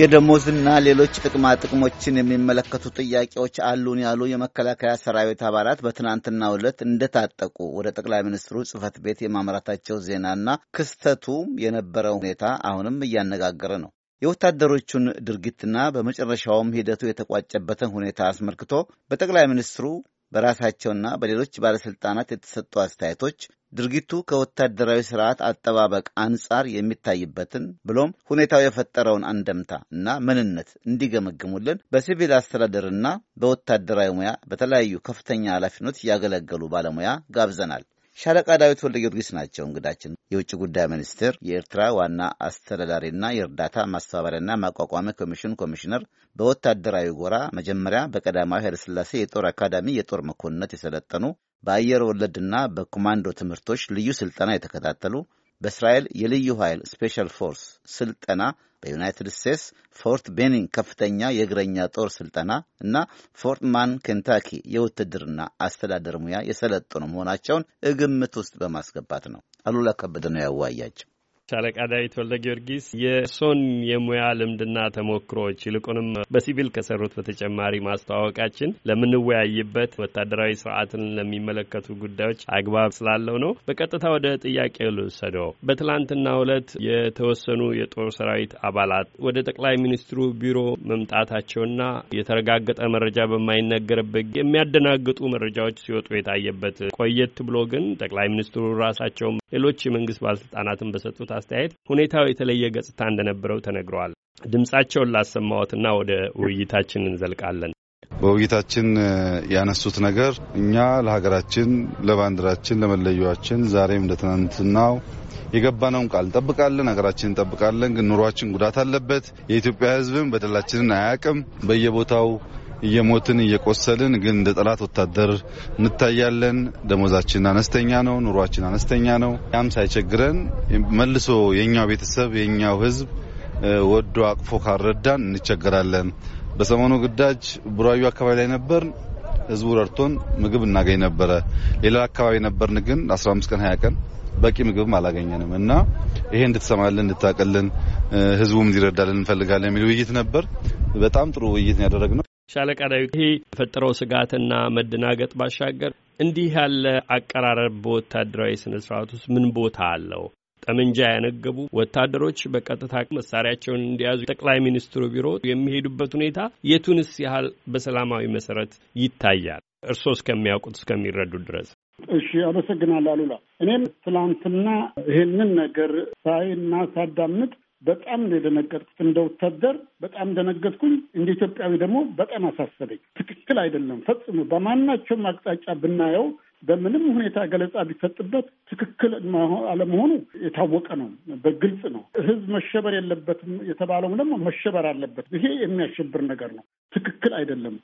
የደሞዝና ሌሎች ጥቅማ ጥቅሞችን የሚመለከቱ ጥያቄዎች አሉን ያሉ የመከላከያ ሰራዊት አባላት በትናንትናው ዕለት እንደታጠቁ ወደ ጠቅላይ ሚኒስትሩ ጽህፈት ቤት የማምራታቸው ዜናና ክስተቱ የነበረው ሁኔታ አሁንም እያነጋገረ ነው። የወታደሮቹን ድርጊትና በመጨረሻውም ሂደቱ የተቋጨበትን ሁኔታ አስመልክቶ በጠቅላይ ሚኒስትሩ በራሳቸውና በሌሎች ባለሥልጣናት የተሰጡ አስተያየቶች ድርጊቱ ከወታደራዊ ስርዓት አጠባበቅ አንጻር የሚታይበትን ብሎም ሁኔታው የፈጠረውን አንደምታ እና ምንነት እንዲገመግሙልን በሲቪል አስተዳደርና በወታደራዊ ሙያ በተለያዩ ከፍተኛ ኃላፊነት ያገለገሉ ባለሙያ ጋብዘናል። ሻለቃ ዳዊት ወልደ ጊዮርጊስ ናቸው እንግዳችን። የውጭ ጉዳይ ሚኒስቴር የኤርትራ ዋና አስተዳዳሪና የእርዳታ ማስተባበሪያና ማቋቋሚያ ኮሚሽን ኮሚሽነር፣ በወታደራዊ ጎራ መጀመሪያ በቀዳማዊ ኃይለሥላሴ የጦር አካዳሚ የጦር መኮንነት የሰለጠኑ በአየር ወለድና በኮማንዶ ትምህርቶች ልዩ ስልጠና የተከታተሉ በእስራኤል የልዩ ኃይል ስፔሻል ፎርስ ስልጠና በዩናይትድ ስቴትስ ፎርት ቤኒንግ ከፍተኛ የእግረኛ ጦር ስልጠና እና ፎርት ማን ኬንታኪ የውትድርና አስተዳደር ሙያ የሰለጠኑ መሆናቸውን ግምት ውስጥ በማስገባት ነው። አሉላ ከበደ ነው ያዋያቸው። ሻለቃ ዳዊት ወልደ ጊዮርጊስ የእርሶን የሙያ ልምድና ተሞክሮዎች ይልቁንም በሲቪል ከሰሩት በተጨማሪ ማስተዋወቃችን ለምንወያይበት ወታደራዊ ስርዓትን ለሚመለከቱ ጉዳዮች አግባብ ስላለው ነው። በቀጥታ ወደ ጥያቄ ልውሰደው። በትላንትናው ዕለት የተወሰኑ የጦር ሰራዊት አባላት ወደ ጠቅላይ ሚኒስትሩ ቢሮ መምጣታቸውና የተረጋገጠ መረጃ በማይነገርበት የሚያደናግጡ መረጃዎች ሲወጡ የታየበት ቆየት ብሎ ግን ጠቅላይ ሚኒስትሩ ራሳቸውም ሌሎች የመንግስት ባለስልጣናትን በሰጡት አስተያየት ሁኔታው የተለየ ገጽታ እንደነበረው ተነግረዋል። ድምጻቸውን ላሰማዎትና ወደ ውይይታችን እንዘልቃለን። በውይይታችን ያነሱት ነገር እኛ ለሀገራችን፣ ለባንዲራችን፣ ለመለያችን ዛሬም እንደትናንትናው የገባነውን ቃል እንጠብቃለን፣ ሀገራችን እንጠብቃለን። ግን ኑሯችን ጉዳት አለበት። የኢትዮጵያ ሕዝብም በደላችንን አያቅም። በየቦታው እየሞትን እየቆሰልን ግን እንደ ጠላት ወታደር እንታያለን። ደሞዛችን አነስተኛ ነው፣ ኑሯችን አነስተኛ ነው። ያም ሳይቸግረን መልሶ የኛው ቤተሰብ የኛው ህዝብ ወዶ አቅፎ ካልረዳን እንቸገራለን። በሰሞኑ ግዳጅ ቡራዩ አካባቢ ላይ ነበር። ህዝቡ ረድቶን ምግብ እናገኝ ነበረ። ሌላ አካባቢ ነበርን፣ ግን 15 ቀን 20 ቀን በቂ ምግብም አላገኘንም እና ይሄ እንድትሰማልን እንድታቀልን ህዝቡም እንዲረዳልን እንፈልጋለን የሚል ውይይት ነበር። በጣም ጥሩ ውይይት ያደረግነው። ሻለቃ ዳዊት፣ ይሄ የፈጠረው ስጋትና መደናገጥ ባሻገር እንዲህ ያለ አቀራረብ በወታደራዊ ስነ ስርዓት ውስጥ ምን ቦታ አለው? ጠመንጃ ያነገቡ ወታደሮች በቀጥታ መሳሪያቸውን እንዲያዙ ጠቅላይ ሚኒስትሩ ቢሮ የሚሄዱበት ሁኔታ የቱንስ ያህል በሰላማዊ መሰረት ይታያል? እርስዎ እስከሚያውቁት እስከሚረዱ ድረስ። እሺ፣ አመሰግናለሁ አሉላ። እኔም ትላንትና ይህንን ነገር እና ሳዳምጥ በጣም ነው የደነገጥኩት። እንደ ወታደር በጣም ደነገጥኩኝ። እንደ ኢትዮጵያዊ ደግሞ በጣም አሳሰበኝ። ትክክል አይደለም ፈጽሞ። በማናቸውም አቅጣጫ ብናየው በምንም ሁኔታ ገለጻ ቢሰጥበት ትክክል አለመሆኑ የታወቀ ነው፣ በግልጽ ነው። ህዝብ መሸበር የለበትም የተባለውም ደግሞ መሸበር አለበት። ይሄ የሚያሸብር ነገር ነው፣ ትክክል አይደለም።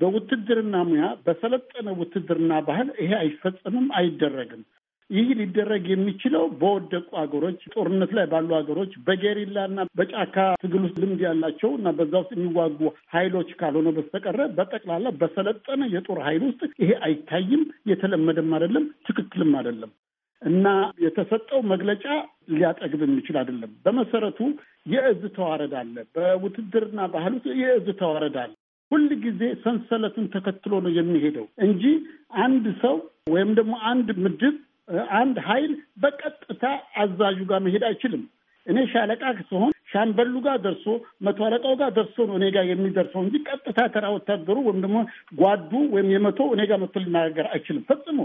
በውትድርና ሙያ በሰለጠነ ውትድርና ባህል ይሄ አይፈጸምም፣ አይደረግም። ይህ ሊደረግ የሚችለው በወደቁ ሀገሮች፣ ጦርነት ላይ ባሉ ሀገሮች እና በጫካ ትግል ውስጥ ልምድ ያላቸው እና በዛ ውስጥ የሚዋጉ ኃይሎች ካልሆነ በስተቀረ በጠቅላላ በሰለጠነ የጦር ኃይል ውስጥ ይሄ አይታይም። የተለመደም አይደለም፣ ትክክልም አይደለም እና የተሰጠው መግለጫ ሊያጠግብ የሚችል አይደለም። በመሰረቱ የእዝ ተዋረድ አለ። በውትድርና ባህል ውስጥ የእዝ ተዋረድ አለ። ሁል ጊዜ ሰንሰለትን ተከትሎ ነው የሚሄደው እንጂ አንድ ሰው ወይም ደግሞ አንድ ምድብ አንድ ኃይል በቀጥታ አዛዡ ጋር መሄድ አይችልም። እኔ ሻለቃ ሲሆን ሻምበሉ ጋር ደርሶ መቶ አለቃው ጋር ደርሶ ነው እኔ ጋር የሚደርሰው እንጂ ቀጥታ ተራ ወታደሩ ወይም ደግሞ ጓዱ ወይም የመቶ እኔ ጋር መቶ ሊናገር አይችልም ፈጽሞ።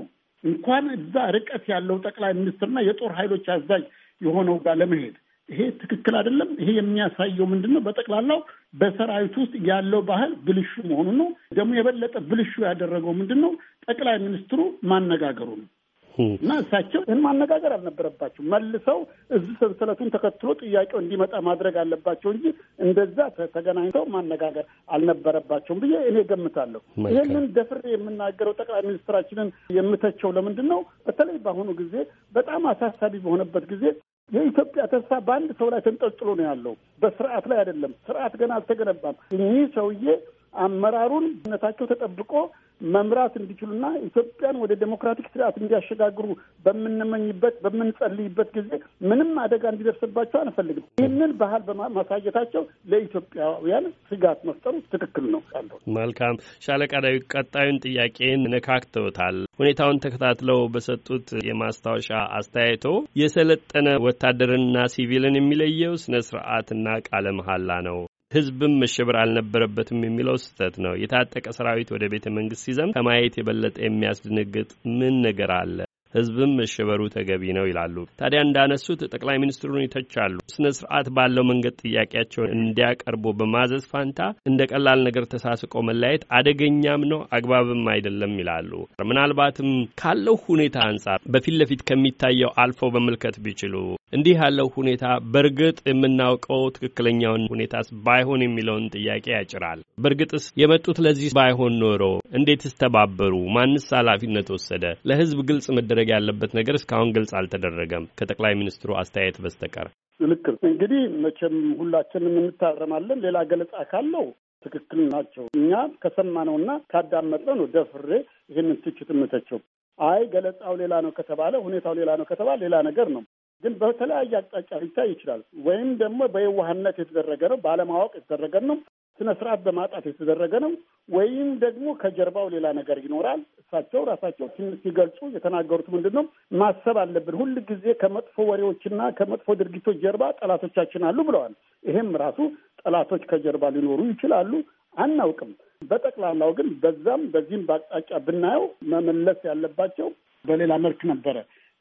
እንኳን እዛ ርቀት ያለው ጠቅላይ ሚኒስትርና የጦር ኃይሎች አዛዥ የሆነው ጋር ለመሄድ ይሄ ትክክል አይደለም። ይሄ የሚያሳየው ምንድን ነው? በጠቅላላው በሰራዊት ውስጥ ያለው ባህል ብልሹ መሆኑን ነው። ደግሞ የበለጠ ብልሹ ያደረገው ምንድን ነው? ጠቅላይ ሚኒስትሩ ማነጋገሩ ነው። እና እሳቸው ይህን ማነጋገር አልነበረባቸው። መልሰው እዚህ ሰንሰለቱን ተከትሎ ጥያቄው እንዲመጣ ማድረግ አለባቸው እንጂ እንደዛ ተገናኝተው ማነጋገር አልነበረባቸውም ብዬ እኔ ገምታለሁ። ይህንን ደፍሬ የምናገረው ጠቅላይ ሚኒስትራችንን የምተቸው ለምንድን ነው? በተለይ በአሁኑ ጊዜ በጣም አሳሳቢ በሆነበት ጊዜ የኢትዮጵያ ተስፋ በአንድ ሰው ላይ ተንጠልጥሎ ነው ያለው፣ በስርዓት ላይ አይደለም። ስርዓት ገና አልተገነባም። እኚህ ሰውዬ አመራሩን ነታቸው ተጠብቆ መምራት እንዲችሉና ኢትዮጵያን ወደ ዴሞክራቲክ ስርዓት እንዲያሸጋግሩ በምንመኝበት በምንጸልይበት ጊዜ ምንም አደጋ እንዲደርስባቸው አንፈልግም። ይህንን ባህል በማሳየታቸው ለኢትዮጵያውያን ስጋት መፍጠሩ ትክክል ነው። መልካም ሻለቃ ዳዊት፣ ቀጣዩን ጥያቄን ነካክተውታል። ሁኔታውን ተከታትለው በሰጡት የማስታወሻ አስተያየቶ የሰለጠነ ወታደርንና ሲቪልን የሚለየው ስነ ስርዓትና ቃለ መሀላ ነው። ህዝብም መሸበር አልነበረበትም የሚለው ስህተት ነው። የታጠቀ ሰራዊት ወደ ቤተ መንግስት ሲዘም ከማየት የበለጠ የሚያስደነግጥ ምን ነገር አለ? ህዝብም መሸበሩ ተገቢ ነው ይላሉ። ታዲያ እንዳነሱት ጠቅላይ ሚኒስትሩን ይተቻሉ። ስነ ስርዓት ባለው መንገድ ጥያቄያቸውን እንዲያቀርቡ በማዘዝ ፋንታ እንደ ቀላል ነገር ተሳስቆ መለያየት አደገኛም ነው አግባብም አይደለም ይላሉ። ምናልባትም ካለው ሁኔታ አንጻር በፊት ለፊት ከሚታየው አልፎ በመልከት ቢችሉ እንዲህ ያለው ሁኔታ በእርግጥ የምናውቀው ትክክለኛውን ሁኔታስ ባይሆን የሚለውን ጥያቄ ያጭራል። በእርግጥስ የመጡት ለዚህ ባይሆን ኖሮ እንዴትስ ተባበሩ? ማንስ ኃላፊነት ወሰደ? ለሕዝብ ግልጽ መደረግ ያለበት ነገር እስካሁን ግልጽ አልተደረገም ከጠቅላይ ሚኒስትሩ አስተያየት በስተቀር። ልክ እንግዲህ መቼም ሁላችንም እንታረማለን። ሌላ ገለጻ ካለው ትክክል ናቸው። እኛ ከሰማነውና ካዳመጥነው ነው ደፍሬ ይህንን ትችት የምተቸው። አይ ገለጻው ሌላ ነው ከተባለ ሁኔታው ሌላ ነው ከተባለ ሌላ ነገር ነው። ግን በተለያየ አቅጣጫ ሊታይ ይችላል። ወይም ደግሞ በየዋህነት የተደረገ ነው፣ ባለማወቅ የተደረገ ነው፣ ስነ ስርዓት በማጣት የተደረገ ነው። ወይም ደግሞ ከጀርባው ሌላ ነገር ይኖራል። እሳቸው ራሳቸው ሲገልጹ የተናገሩት ምንድን ነው? ማሰብ አለብን ሁል ጊዜ ከመጥፎ ወሬዎችና ከመጥፎ ድርጊቶች ጀርባ ጠላቶቻችን አሉ ብለዋል። ይሄም ራሱ ጠላቶች ከጀርባ ሊኖሩ ይችላሉ፣ አናውቅም። በጠቅላላው ግን በዛም በዚህም በአቅጣጫ ብናየው መመለስ ያለባቸው በሌላ መልክ ነበረ።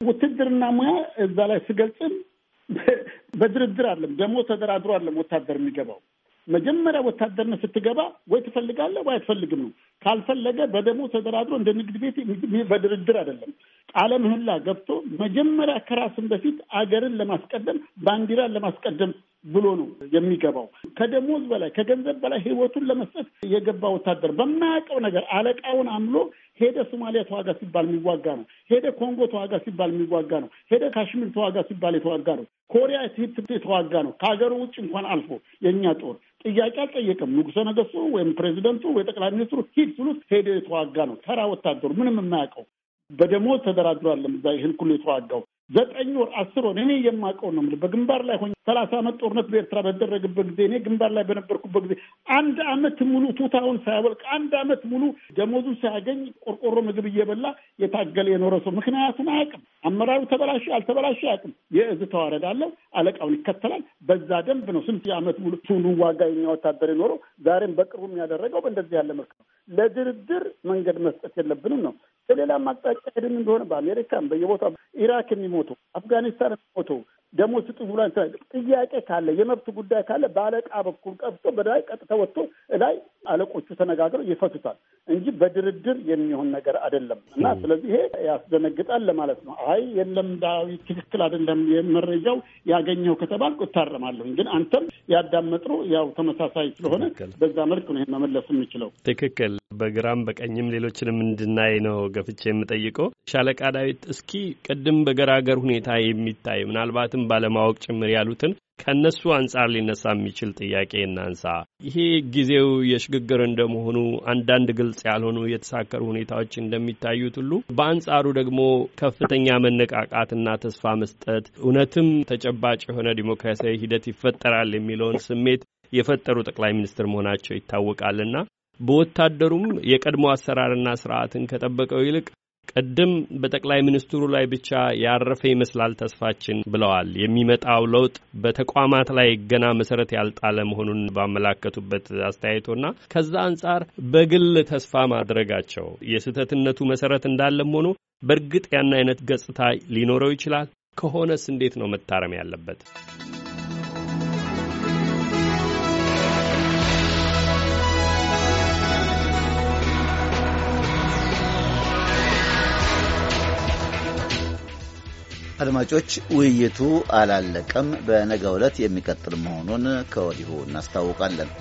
ውትድርና ሙያ እዛ ላይ ስገልጽም በድርድር አለም ደግሞ ተደራድሮ አለም ወታደር የሚገባው መጀመሪያ ወታደርነት ስትገባ ወይ ትፈልጋለህ ወይ አትፈልግም ነው። ካልፈለገ በደሞ ተደራድሮ እንደ ንግድ ቤት በድርድር አይደለም። ቃለ ምህላ ገብቶ መጀመሪያ ከራስን በፊት አገርን ለማስቀደም ባንዲራን ለማስቀደም ብሎ ነው የሚገባው። ከደሞዝ በላይ ከገንዘብ በላይ ህይወቱን ለመስጠት የገባ ወታደር በማያውቀው ነገር አለቃውን አምሎ ሄደ ሶማሊያ ተዋጋ ሲባል የሚዋጋ ነው። ሄደ ኮንጎ ተዋጋ ሲባል የሚዋጋ ነው። ሄደ ካሽሚር ተዋጋ ሲባል የተዋጋ ነው። ኮሪያ የተዋጋ ነው። ከሀገሩ ውጭ እንኳን አልፎ የእኛ ጦር ጥያቄ አልጠየቅም። ንጉሰ ነገስቱ ወይም ፕሬዚደንቱ ወይ ጠቅላይ ሚኒስትሩ ሂድ ስሉት ሄደ የተዋጋ ነው። ተራ ወታደሩ ምንም የማያውቀው በደሞዝ ተደራድሮ እዛ ይህን ሁሉ የተዋጋው ዘጠኝ ወር አስር ወር እኔ የማውቀው ነው የምልህ። በግንባር ላይ ሆኜ ሰላሳ አመት ጦርነት በኤርትራ በተደረገበት ጊዜ እኔ ግንባር ላይ በነበርኩበት ጊዜ አንድ አመት ሙሉ ቱታውን ሳያወልቅ አንድ አመት ሙሉ ደሞዙ ሳያገኝ ቆርቆሮ ምግብ እየበላ የታገለ የኖረ ሰው ምክንያቱም አያውቅም። አመራሩ ተበላሽ አልተበላሽ አያውቅም። የእዝ ተዋረድ አለው፣ አለቃውን ይከተላል። በዛ ደንብ ነው ስንት የአመት ሙሉ ቱሉ ዋጋ የኛ ወታደር የኖረው። ዛሬም በቅርቡ የሚያደረገው በእንደዚህ ያለ መልክ ነው። ለድርድር መንገድ መስጠት የለብንም ነው በሌላም አቅጣጫ ሄደን እንደሆነ በአሜሪካም በየቦታ ኢራክ የሚሞቱ አፍጋኒስታን የሚሞቱ ደግሞ ስጡ ብላ ጥያቄ ካለ የመብት ጉዳይ ካለ በአለቃ በኩል ቀብቶ በላይ ቀጥታ ወጥቶ ላይ አለቆቹ ተነጋግረው ይፈቱታል እንጂ በድርድር የሚሆን ነገር አይደለም። እና ስለዚህ ይሄ ያስደነግጣል ለማለት ነው። አይ የለም ዳዊት ትክክል አይደለም መረጃው ያገኘው ከተባልኩ እታረማለሁ። ግን አንተም ያዳመጥሩ ያው ተመሳሳይ ስለሆነ በዛ መልክ ነው መመለስ የምችለው ትክክል በግራም በቀኝም ሌሎችንም እንድናይ ነው ገፍቼ የምጠይቀው። ሻለቃ ዳዊት፣ እስኪ ቅድም በገራገር ሁኔታ የሚታይ ምናልባትም ባለማወቅ ጭምር ያሉትን ከእነሱ አንጻር ሊነሳ የሚችል ጥያቄ እናንሳ። ይሄ ጊዜው የሽግግር እንደመሆኑ አንዳንድ ግልጽ ያልሆኑ የተሳከሩ ሁኔታዎች እንደሚታዩት ሁሉ በአንጻሩ ደግሞ ከፍተኛ መነቃቃትና ተስፋ መስጠት እውነትም ተጨባጭ የሆነ ዲሞክራሲያዊ ሂደት ይፈጠራል የሚለውን ስሜት የፈጠሩ ጠቅላይ ሚኒስትር መሆናቸው ይታወቃልና በወታደሩም የቀድሞ አሰራርና ስርዓትን ከጠበቀው ይልቅ ቅድም በጠቅላይ ሚኒስትሩ ላይ ብቻ ያረፈ ይመስላል ተስፋችን ብለዋል። የሚመጣው ለውጥ በተቋማት ላይ ገና መሰረት ያልጣለ መሆኑን ባመላከቱበት አስተያየቶና ከዛ አንጻር በግል ተስፋ ማድረጋቸው የስህተትነቱ መሰረት እንዳለም ሆኖ በእርግጥ ያን አይነት ገጽታ ሊኖረው ይችላል። ከሆነስ እንዴት ነው መታረም ያለበት? አድማጮች ውይይቱ አላለቀም። በነገ ዕለት የሚቀጥል መሆኑን ከወዲሁ እናስታውቃለን።